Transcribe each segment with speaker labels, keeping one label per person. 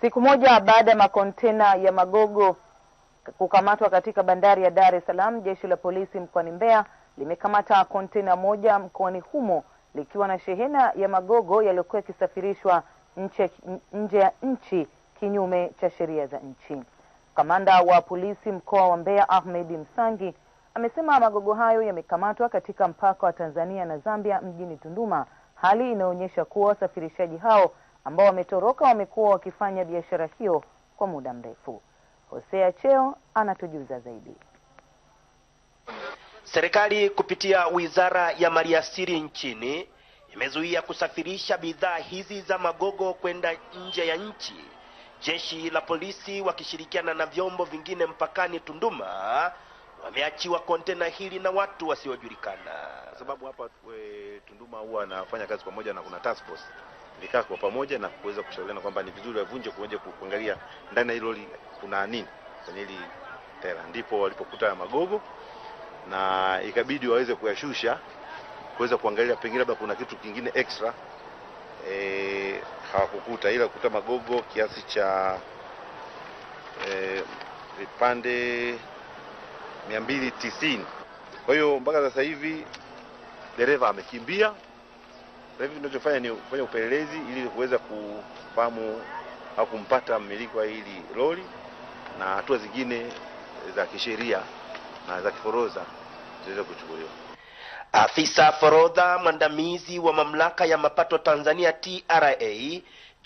Speaker 1: Siku moja baada ya makontena ya magogo kukamatwa katika bandari ya Dar es Salaam, jeshi la polisi mkoani Mbeya limekamata kontena moja mkoani humo likiwa na shehena ya magogo yaliyokuwa yakisafirishwa nje ya nchi kinyume cha sheria za nchi. Kamanda wa polisi mkoa wa Mbeya Ahmed Msangi amesema magogo hayo yamekamatwa katika mpaka wa Tanzania na Zambia mjini Tunduma, hali inaonyesha kuwa wasafirishaji hao ambao wametoroka wamekuwa wakifanya biashara hiyo kwa muda mrefu. Hosea Cheo anatujuza zaidi.
Speaker 2: Serikali kupitia Wizara ya Maliasili nchini imezuia kusafirisha bidhaa hizi za magogo kwenda nje ya nchi. Jeshi la polisi wakishirikiana na vyombo vingine mpakani Tunduma wameachiwa kontena hili na watu wasiojulikana,
Speaker 3: sababu hapa we, eh, Tunduma huwa anafanya kazi pamoja na kuna task force vikaa kwa pamoja na kuweza kushauriana kwamba ni vizuri wavunje kuja kuangalia ndani ya hilo kuna nini kwenye hili tela, ndipo walipokuta magogo na ikabidi waweze kuyashusha kuweza kuangalia pengine labda kuna kitu kingine extra e, hawakukuta ila kukuta magogo kiasi cha e, vipande 290. Kwa hiyo mpaka sasa hivi dereva amekimbia. Sasa hivi tunachofanya ni kufanya upelelezi ili kuweza kufahamu au kumpata mmiliki wa hili lori na hatua zingine za kisheria na za kiforoza ziweze kuchukuliwa.
Speaker 2: Afisa forodha mwandamizi wa mamlaka ya mapato Tanzania TRA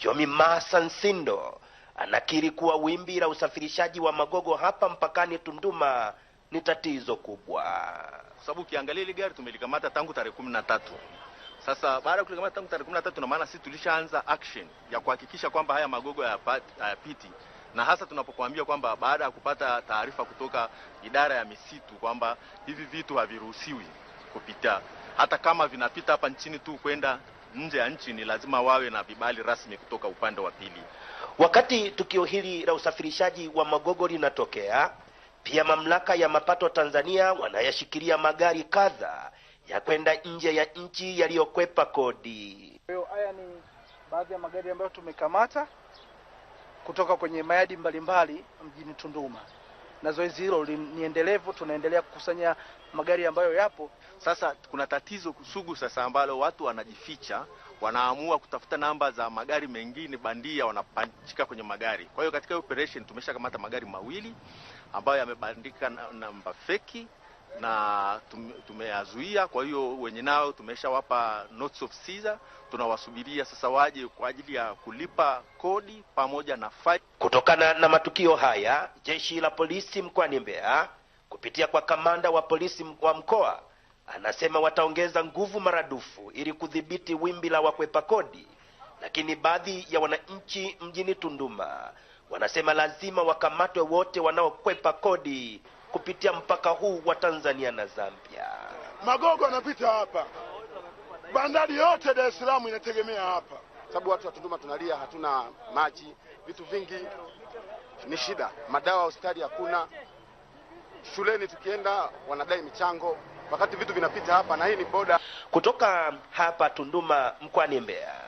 Speaker 2: Jomi Masansindo anakiri kuwa wimbi la usafirishaji wa magogo hapa mpakani Tunduma ni tatizo kubwa,
Speaker 4: kwa sababu ukiangalia ile gari tumelikamata tangu tarehe kumi na tatu sasa baada ya kulikamata tangu tarehe 13 na maana sisi tulishaanza action ya kuhakikisha kwamba haya magogo hayapiti, na hasa tunapokuambia kwamba baada ya kupata taarifa kutoka idara ya misitu kwamba hivi vitu haviruhusiwi kupita, hata kama vinapita hapa nchini tu kwenda nje ya nchi, ni lazima wawe na vibali rasmi kutoka upande wa pili.
Speaker 2: Wakati tukio hili la usafirishaji wa magogo linatokea, pia mamlaka ya mapato Tanzania wanayashikilia magari kadhaa ya kwenda nje ya nchi yaliyokwepa kodi.
Speaker 5: Kwa hiyo haya ni baadhi ya magari ambayo tumekamata kutoka kwenye mayadi mbalimbali mjini Tunduma, na zoezi hilo ni endelevu. Tunaendelea kukusanya magari ambayo yapo.
Speaker 4: Sasa kuna tatizo sugu sasa ambalo watu wanajificha, wanaamua kutafuta namba za magari mengine bandia, wanapachika kwenye magari. Kwa hiyo katika operation tumeshakamata magari mawili ambayo yamebandika namba feki na tumeyazuia. Kwa hiyo wenye nao tumeshawapa notes of seizure, tunawasubiria sasa waje kwa ajili ya kulipa kodi pamoja na faini.
Speaker 2: Kutokana na matukio haya, jeshi la polisi mkoani Mbeya kupitia kwa kamanda wa polisi wa mkoa anasema wataongeza nguvu maradufu ili kudhibiti wimbi la wakwepa kodi, lakini baadhi ya wananchi mjini Tunduma wanasema lazima wakamatwe wote wanaokwepa kodi kupitia mpaka huu wa Tanzania na Zambia.
Speaker 6: Magogo anapita hapa, bandari yote Dar es Salaam inategemea hapa,
Speaker 7: sababu watu wa Tunduma tunalia, hatuna maji, vitu vingi ni shida, madawa hospitali hakuna, shuleni tukienda wanadai michango, wakati vitu vinapita hapa, na hii ni boda
Speaker 2: kutoka hapa Tunduma mkoani Mbeya.